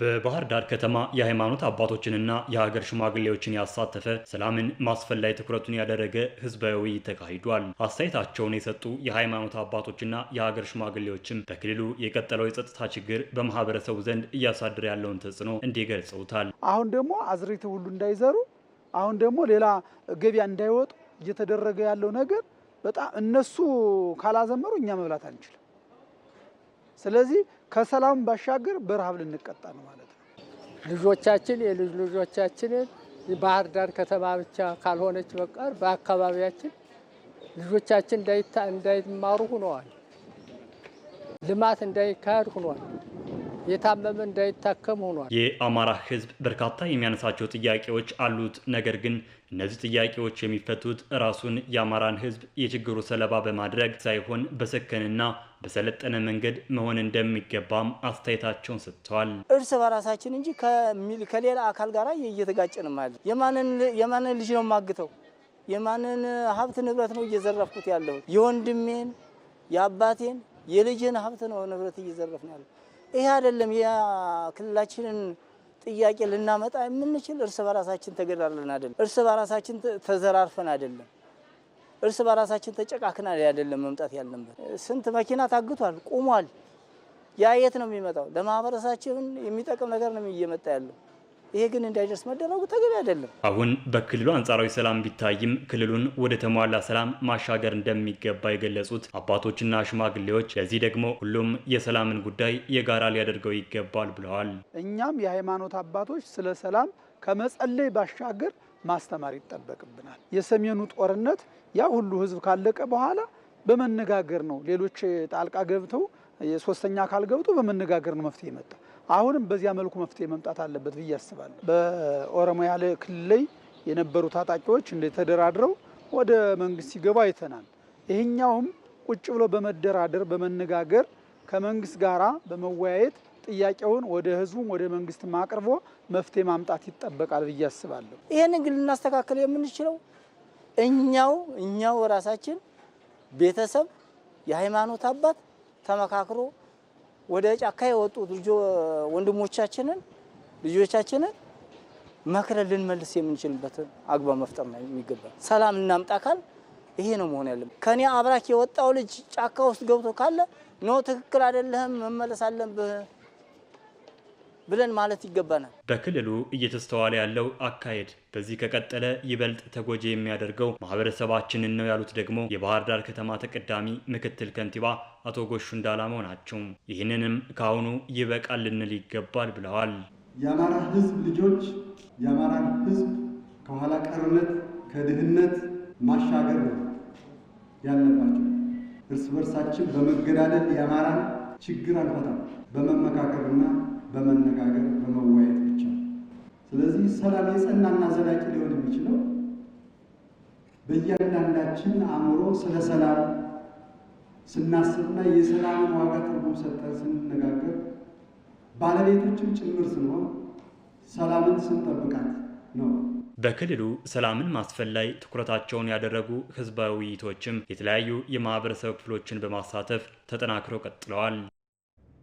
በባህር ዳር ከተማ የሃይማኖት አባቶችንና የሀገር ሽማግሌዎችን ያሳተፈ ሰላምን ማስፈን ላይ ትኩረቱን ያደረገ ህዝባዊ ውይይት ተካሂዷል። አስተያየታቸውን የሰጡ የሃይማኖት አባቶችና የሀገር ሽማግሌዎችም በክልሉ የቀጠለው የጸጥታ ችግር በማህበረሰቡ ዘንድ እያሳደረ ያለውን ተጽዕኖ እንዲህ ገልጸውታል። አሁን ደግሞ አዝሬት ሁሉ እንዳይዘሩ፣ አሁን ደግሞ ሌላ ገቢያ እንዳይወጡ እየተደረገ ያለው ነገር በጣም እነሱ ካላዘመሩ እኛ መብላት አንችልም። ስለዚህ ከሰላም ባሻገር በረሃብ ልንቀጣ ነው ማለት ነው። ልጆቻችን የልጅ ልጆቻችንን ባህር ዳር ከተማ ብቻ ካልሆነች በቀር በአካባቢያችን ልጆቻችን እንዳይማሩ ሁነዋል። ልማት እንዳይካሄድ ሁኗል። የታመመ እንዳይታከም ሆኗል። የአማራ ህዝብ በርካታ የሚያነሳቸው ጥያቄዎች አሉት። ነገር ግን እነዚህ ጥያቄዎች የሚፈቱት ራሱን የአማራን ህዝብ የችግሩ ሰለባ በማድረግ ሳይሆን በሰከንና በሰለጠነ መንገድ መሆን እንደሚገባም አስተያየታቸውን ሰጥተዋል። እርስ በራሳችን እንጂ ከሌላ አካል ጋር እየተጋጨንም አለ። የማንን ልጅ ነው ማግተው? የማንን ሀብት ንብረት ነው እየዘረፍኩት ያለሁት? የወንድሜን፣ የአባቴን፣ የልጅን ሀብት ነው ንብረት እየዘረፍ ነው ያለ ይሄ አይደለም የክልላችንን ጥያቄ ልናመጣ የምንችል እርስ በራሳችን ተገዳለን አይደለም፣ እርስ በራሳችን ተዘራርፈን አይደለም፣ እርስ በራሳችን ተጨቃክና አይደለም መምጣት ያለበት። ስንት መኪና ታግቷል፣ ቁሟል። ያየት ነው የሚመጣው? ለማህበረሰባችን የሚጠቅም ነገር ነው እየመጣ ያለው። ይሄ ግን እንዳይደርስ መደረጉ ተገቢ አይደለም። አሁን በክልሉ አንጻራዊ ሰላም ቢታይም ክልሉን ወደ ተሟላ ሰላም ማሻገር እንደሚገባ የገለጹት አባቶችና ሽማግሌዎች፣ ለዚህ ደግሞ ሁሉም የሰላምን ጉዳይ የጋራ ሊያደርገው ይገባል ብለዋል። እኛም የሃይማኖት አባቶች ስለ ሰላም ከመጸለይ ባሻገር ማስተማር ይጠበቅብናል። የሰሜኑ ጦርነት ያ ሁሉ ህዝብ ካለቀ በኋላ በመነጋገር ነው። ሌሎች ጣልቃ ገብተው የሶስተኛ አካል ገብቶ በመነጋገር ነው መፍትሄ መጣ። አሁንም በዚያ መልኩ መፍትሄ መምጣት አለበት ብዬ አስባለሁ። በኦሮሚያ ክልል ላይ የነበሩ ታጣቂዎች እንደተደራድረው ወደ መንግስት ሲገባ አይተናል። ይሄኛውም ቁጭ ብሎ በመደራደር በመነጋገር ከመንግስት ጋራ በመወያየት ጥያቄውን ወደ ህዝቡም ወደ መንግስትም አቅርቦ መፍትሄ ማምጣት ይጠበቃል ብዬ አስባለሁ። ይህንን ግን ልናስተካከል የምንችለው እኛው እኛው ራሳችን ቤተሰብ፣ የሃይማኖት አባት ተመካክሮ ወደ ጫካ የወጡ ልጆ ወንድሞቻችንን ልጆቻችንን መክረን ልንመልስ የምንችልበት አግባብ መፍጠር ነው የሚገባል። ሰላም እናምጣ ካል ይሄ ነው መሆን ያለም። ከኔ አብራክ የወጣው ልጅ ጫካ ውስጥ ገብቶ ካለ ኖ ትክክል አይደለህም መመለስ አለብህ ብለን ማለት ይገባናል። በክልሉ እየተስተዋለ ያለው አካሄድ በዚህ ከቀጠለ ይበልጥ ተጎጂ የሚያደርገው ማህበረሰባችንን ነው ያሉት ደግሞ የባህር ዳር ከተማ ተቀዳሚ ምክትል ከንቲባ አቶ ጎሹ እንዳላማው ናቸው። ይህንንም ከአሁኑ ይበቃል ልንል ይገባል ብለዋል። የአማራ ህዝብ ልጆች የአማራን ህዝብ ከኋላ ቀርነት ከድህነት ማሻገር ነው ያለባቸው። እርስ በርሳችን በመገዳደል የአማራን ችግር አንፈታም። በመመካከርና በመነጋገር በመወያየት ብቻ። ስለዚህ ሰላም የጸናና ዘላቂ ሊሆን የሚችለው በእያንዳንዳችን አእምሮ ስለ ሰላም ስናስብና የሰላምን ዋጋ ትርጉም ሰጠን ስንነጋገር ባለቤቶችም ጭምር ስንሆን ሰላምን ስንጠብቃት ነው። በክልሉ ሰላምን ማስፈን ላይ ትኩረታቸውን ያደረጉ ህዝባዊ ውይይቶችም የተለያዩ የማህበረሰብ ክፍሎችን በማሳተፍ ተጠናክረው ቀጥለዋል።